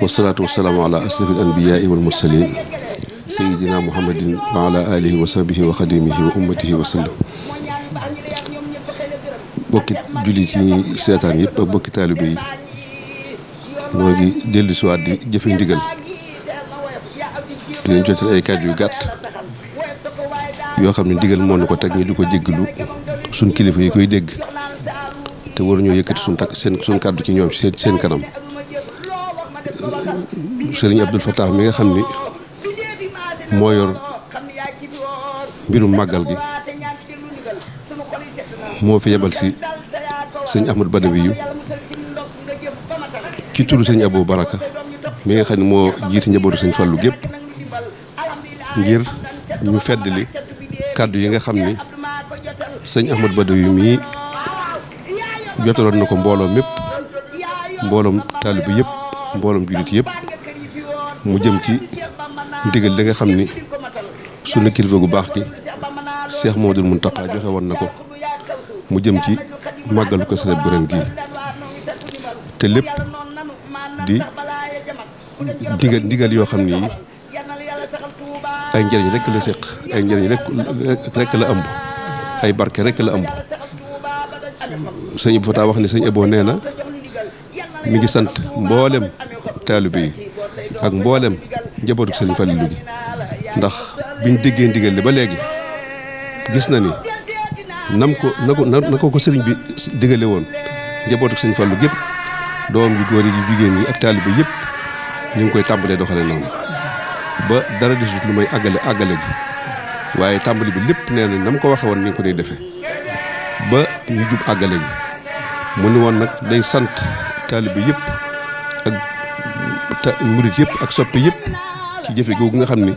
wasalaatu wasalaamu ala asrafil anbiyaai wal mursalin sayidina muhammadin wa ala alihi wa sahbihi wa xadimihi wa ummatihi wa sallam bokki jullit yi seetaan yëpp ak bokki taalibe yi moo ngi dellu si waat di jëfe ndigal di leen jotal ay kàddu yu gàtt yoo xam ne ndigal moo nu ko teg ñu di ko jéggalu suñ kilifa yi koy dégg te waruñoo yëkkati suñ takk seen suñ kàddu ci ñoom seen seen kanam sëriñ Abdul Fattah mi nga xam ni moo yor mbirum màggal gi moo fi yebal si sëñ Ahmad Badawiyu ci turu sëñ Abou Baraka mi nga xam ne moo jiiti njabootu sëñ Fallou gépp ngir ñu feddali kàddu yi nga xam ni sëñ Ahmad Badawiyu mii jotaloon na ko mbooloo mépp mbooloom taalibu yëpp mbooloom jullit yëpp mu jëm ci ndigal li nga xam ni su sunu kilifa gu baax gi Cheikh Modou Mountakha joxe woon na ko mu jëm ci màggalu ko Kazu Rajab bu ren gii te lépp di ndigal ndigal yoo xam ni ay njëriñ rekk la séq ay njëriñ rekk rekk la ëmb ay barke rekk la ëmb sëñ bu fataa wax ni sëñ Ebo nee na mi ngi sant mboolem taalibe yi ak mboolem njabootu sëñ Fallilu gi ndax biñ déggee ndigal li ba léegi gis na ni nam ko na ko ko ko sëriñ bi digale woon njabootu sëñ Fallu gépp doom yu góor yi yu jigéen ñi ak taalibe yëpp ñu ngi koy tàmbalee doxale noonu ba dara desut lu may àggale àggale gi waaye tàmbali bi lépp nee na nam ko waxe woon ni nga ko nuy defee ba ñu jub àggale gi mu ni woon nag day sant taalibe yëpp ak murit yëpp ak soppe yépp ci jëfe googu nga xam ni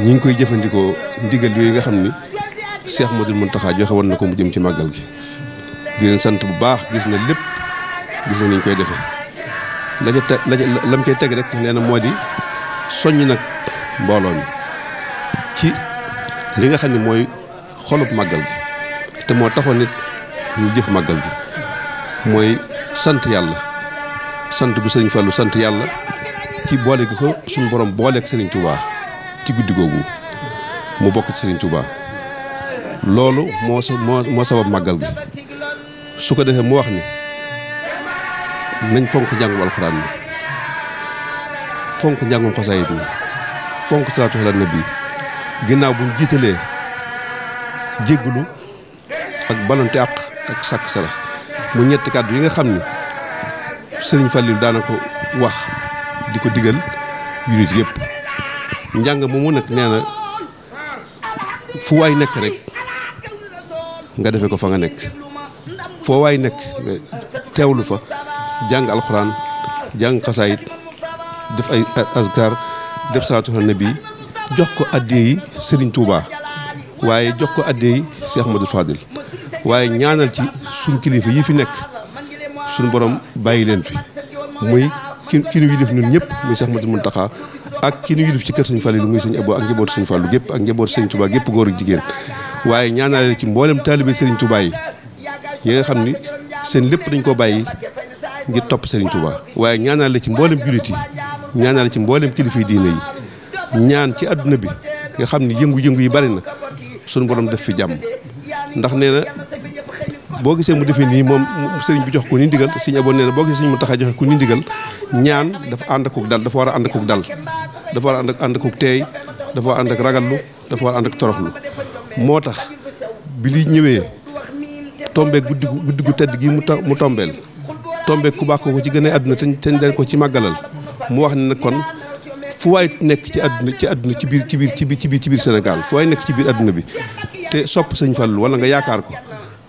ñu ngi koy jëfandikoo ndigal yooyu nga xam ni Cheikh Modou Mountakha joxe woon na ko mu jëm ci màggal gi di leen sant bu baax gis na lépp gis na niñ koy defee la ca te la lam cay teg rek nee na moo di soññ nag mbooloo mi ci li nga xam ne mooy xolub màggal gi te moo taxoon nit ñu jëf màggal gi mooy sant yàlla sant bu sëriñ Fallou sant yàlla ci boole gi ko suñu borom booleek sëriñ Touba ci guddi googu mu bokk ci sëriñ Touba loolu moo sa moo moo sabab màggal gi su ko defee mu wax ni nañ fonk njàngum alxuraan bi fonk njàngum xasaayit mi fonk salaatu ala nabi ginnaaw bu jiitalee jéggulu ak balonte àq ak sàkk sarax mu ñetti kàddu yi nga xam ni sëriñ Fallil daana ko wax di ko digal unité yëpp njàng moomu nekk nee na fu waay nekk rek nga defe ko fa nga nekk foo waay nekk nga teewlu fa jàng alxuraan jàng xasaayit def ay asgar def salaatu ala nabi jox ko addee yi Serigne Touba waaye jox ko addee yi Cheikh Modou Fadil waaye ñaanal ci suñ kilifa yi fi nekk suñ borom bàyyi leen fi muy ki ki ñu yilif ñun ñëpp muy Cheikh mun taxaa ak ki ñu yilif ci kër Sëñ Fallou muy Sëñ Abo ak njabootu Sëñ Fallou gépp ak njabootu Sëñ Touba gépp góor ak jigéen waaye ñaanal leen ci mboolem taalibe Sëriñ Touba yi yi nga xam ni seen lépp dañ ko bàyyi ngir topp Sëriñ Touba waaye ñaanal la ci mboolem jullit yi ñaanal ci mboolem kilifa yi diine yi ñaan ci àdduna bi nga xam ni yëngu-yëngu yi bari na suñu borom def fi jàmm boo gisee mu defee nii moom sëriñ bi jox ko ni ndigal sëriñ aboo nee na boo gisee sëriñ mu tax a joxe ko ni ndigal ñaan dafa ànd akuk dal dafa war a ànd akuk dal dafa war a ànd ak ànd akuk teey dafa war a ànd ak ragallu dafa war a ànd ak toroxlu moo tax bi li ñëwee tombee guddi guddi gu tedd gi mu mu tombeel tombee ku baax ko ci gën àdduna te te dañ ko ci màggalal mu wax ne nag kon fu waay nekk ci àdduna ci àdduna ci biir ci biir ci biir ci biir Sénégal fu waay nekk ci biir àdduna bi te sopp sëñ Fallu wala nga yaakaar ko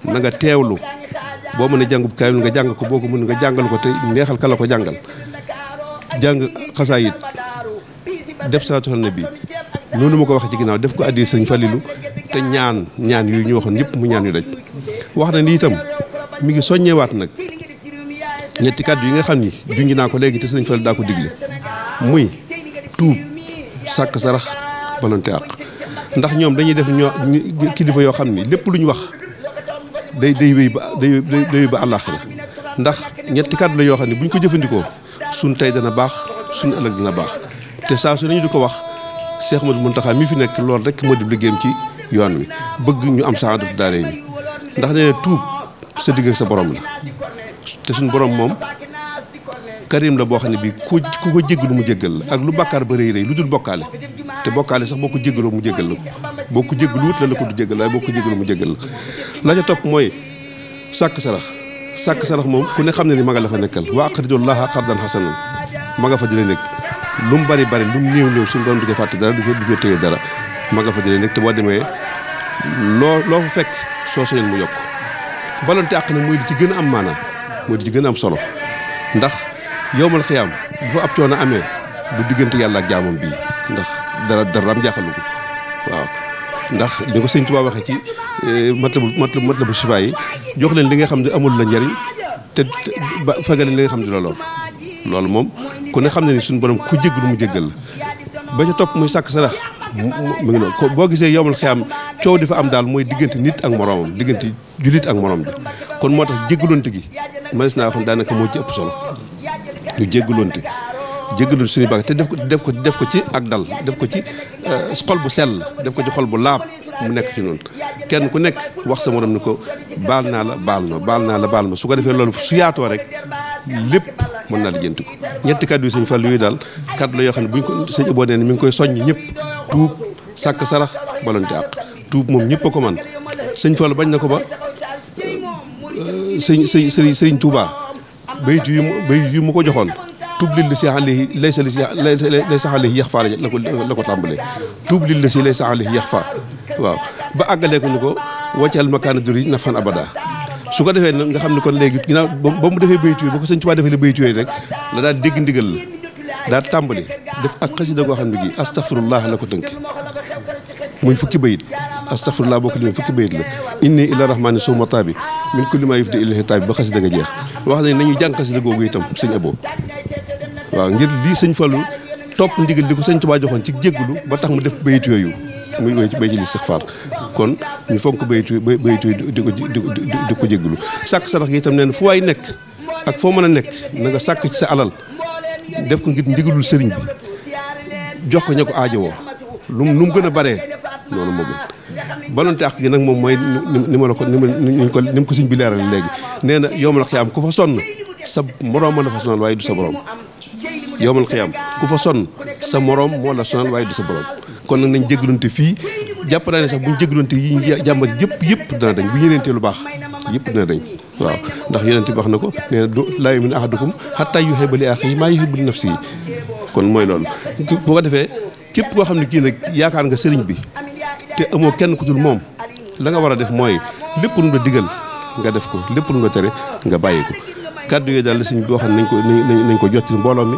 na nga teewlu boo mën a jàngub kaamil nga jàng ko boo ko mën nga jàngal ko te neexal kala ko jàngal jàng xasaayit def salaatu ne nabi noonu ma ko waxee ci ginaaw def ko addi sëñ Falilu te ñaan ñaan yu ñu waxoon yëpp mu ñaan yu daj wax na ni itam mi ngi soññewaat nag ñetti kàddu yi nga xam ni junj naa ko léegi te sëñ Falilu daa ko digle muy tuub sàkk sarax balonte àq ndax ñoom dañuy def ñoo kilifa yoo xam ni lépp lu ñu wax day day wéy ba day day ba àllaaxira ndax ñetti kàddu la yoo xam ne bu ñu ko jëfandikoo suñu tey dana baax suñ ëllëg dana baax te saa su nañu di ko wax Cheikh Ahmadou Mountakha mi fi nekk loolu rek moo di liggéeyam ci yoon wi bëgg ñu am saa def daare ni ndax nee na tuub sa digg sa borom la te suñu boroom moom karim la boo xam ne bii ku ku ko lu mu jéggal la ak lu bàkkaar ba rëy rëy lu dul bokkaale te bokkaale sax boo ko jéggaloo mu jéggal la ko boo ko jéggalu wut la la ko du jéggal waaye boo ko jéggalu mu jéggal la la ca topp mooy sàkk sarax sàkk sarax moom ku ne xam ne ni ma la fa nekkal wa aqridullaha qardan hasanan ma nga fa di la nekk lu mu bari bari lu mu néew néew suñu doon du ko fàtte dara du ko du ko téye dara ma nga fa di la te boo demee loo loo fekk soo soñoon mu yokk balonte àq nag mooy di ci gën a am maanaam mooy di ci gën am solo ndax yow ma yowmal xiyaam bu fa ab coono amee bu diggante yàlla ak jaamam bii ndax dara dara am jaaxalu ko ndax ni ko sëñ Tuubaa waxee ci matlabu eh, matlabu matlabu shifa yi jox leen li nga xam ne amul la njariñ te ba fagal li nga xam ne loolu loolu moom kon ne xam ne ni suñu borom ku jégg lu mu jéggal la ba ca topp muy sàkk sarax mu ngi noonu ko boo gisee yomul xiyam coow di fa am daal mooy diggante nit ak moroomam diggante jullit ak moroom bi kon moo tax jéggaloonte gi manis naa xam daanaka moo ci ëpp solo ñu jéggaloonte jéggalu suñu bàkkaar te def ko def ko def ko ci ak dal def ko ci euh, xol bu sell def ko ci xol bu laab mu nekk ci noonu kenn ku nekk wax sa morom ni ko baal naa la baal ma baal naa la baal ma su ko defee loolu su yaatoo rek lépp mën naa lijjanti ko ñetti kàddu yi suñu fàllu yuy daal kàddu la yoo xam ne bu ñu ko sëñ aboo nee mi ngi koy soññ ñëpp tuub sàkk sarax balonte àq tuub moom ñëpp a ko man sëñ Fallu bañ na ko ba euh, sëñ sëñ sëriñ Tuubaa bayit yu bayit yu mu ko joxoon tublil la si alayhi laysa li si laysa alayhi yax faa la ko la ko tàmbalee tublil la si laysa alayhi yax faa waaw ba àggalee ko ni ko wàccal makaana duri nafan abada su ko defee nga xam ne kon léegi ginnaaw ba mu defee baytu ba ko sëñ Tuubaa defee la baytu rek la daan dégg ndigal la daa tàmbali def ak xasida goo xam ne gii astafurullah la ko tënk muy fukki bayit astafurullah boo ko limee fukki bayit la inni ila rahmani suma taabi min kulli ma yufdi ilahi taabi ba xasida nga jeex wax nañ nañu jàng xasida googu itam sëñ Abo waaw ngir lii sëñ Fallou topp ndigal li ko sëñ Tuubaa joxoon ci jéggulu ba tax mu def bayit yooyu mu bay ci bay ci listixfaar kon ñu fonk bayit bayit yooyu di ko di ko jéggulu sàkk sarax yi itam neen fu waay nekk ak foo mën a nekk na nga sàkk ci sa alal def ku ngir ndigalul sëriñ bi jox ko ña aajo wo lu mu gën a baree loolu moo gën balonte ak gi nag moom mooy ni ma la ni ma ko ni ma ko sëñ bi leeral léegi nee na yomal xiyaam ku fa sonn sa moroom mën a fa sonal waaye du sa borom yowmal xiyam ku fa son sa morom mo la sonal way du sa borom kon nak nañ jéglante fi japp na ne sax buñ jéglante yi jàmbat yépp yëpp dana dañ bu ñeneente lu baax yëpp dana dañ waaw ndax yeneen bax nako né la yumin ahadukum hatta yuhibbu li axihi ma yuhibbu li nafsihi kon moy lool bu ko défé képp ko xamni ki nak nag yaakaar nga sëriñ bi té amo kenn ku dul mom la nga wara def moy lépp lu la nga def ko lépp lu la nga bayiko kaddu kàddu dal daal bi nañ ko nañ ko jotti mbooloo mi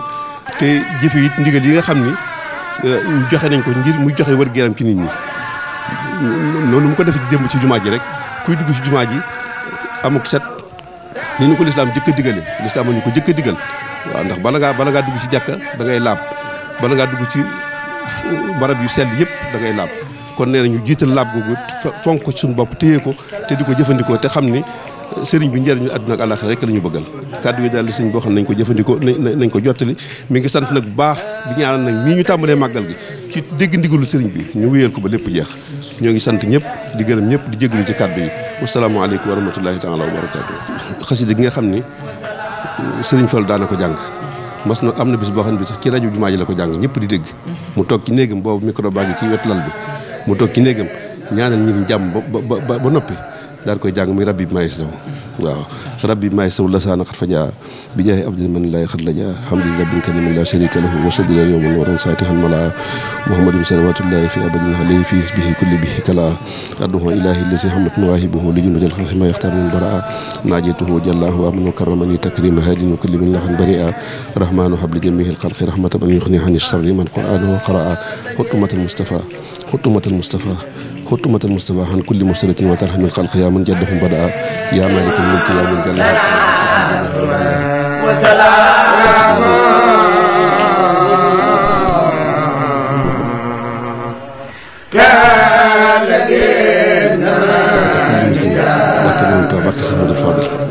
te jëfe it ndigal yi nga xam ni euh, joxe nañ ko ngir mu joxe wër geeram ci nit ñi loolu mu ko def jëm ci jumaa ji rek kuy dugg ci jumaa ji amuk set ni ñu ko lislaam jëkk a digale lislaam ñu ko jëkk a digal waaw ndax bala ngaa bala dugg ci jàkka da ngay laab bala ngaa dugg ci euh, barab yu sell yëpp dangay laab kon nee na ñu jiital laab googu fonk sunu bopp téye ko te di ko jëfandikoo te xam ni sëriñ bi njëriñu àdduna ak àllaaxira rekk la ñu bëggal kàddu yi daal sëriñ boo xam nañ ko jëfandikoo nañ ko jottali mi ngi sant nag bu baax di ñaanal nag ñu tàmbalee màggal gi ci dégg ndigalu sëriñ bi ñu wéyal ko ba lépp jeex ñoo ngi sant ñëpp di gërëm ñëpp di jégalu ci kàddu yi wasalaamaaleykum wa rahmatullahi taala wa barakaatu xasida gi nga xam ni mm, sëriñ Fall daana ko jàng mas na am na bis boo xam ne bi ci rajo jumaa ji la ko jàng ñëpp di dégg mu toog ci néegam boobu micro ci wet lal bi mu toog ci néegam ñaanal ñi jàmm ba ba ba noppi dal koy jàng mi rabbi bi waaw rabbi bi la sana xat fa bi jaay abdul man laay xat la jaa bin rabbin la sharika lahu wa yawm wa rasati han mala sallallahu salawatullahi fi abadin alayhi fi bihi kulli bihi kala adduhu ilahi lasi hamdatun waahibuhu li jundil khalqi ma yaxtaar min baraa najituhu jalla wa amanu karamani takrim hadin wa kulli min lahan bari'a rahmanu habli jamihi alxalqi rahmatan man yuxni ani sharri man qur'anuhu qara'a xutumatal mustafa xutumatal mustafa خطومة المصطفى عن كل مسألة وترحم الخلق يا من جدهم بدأ يا مالك الملك يا من جل وسلام كالذي وكلمت وبارك سمود الفاضل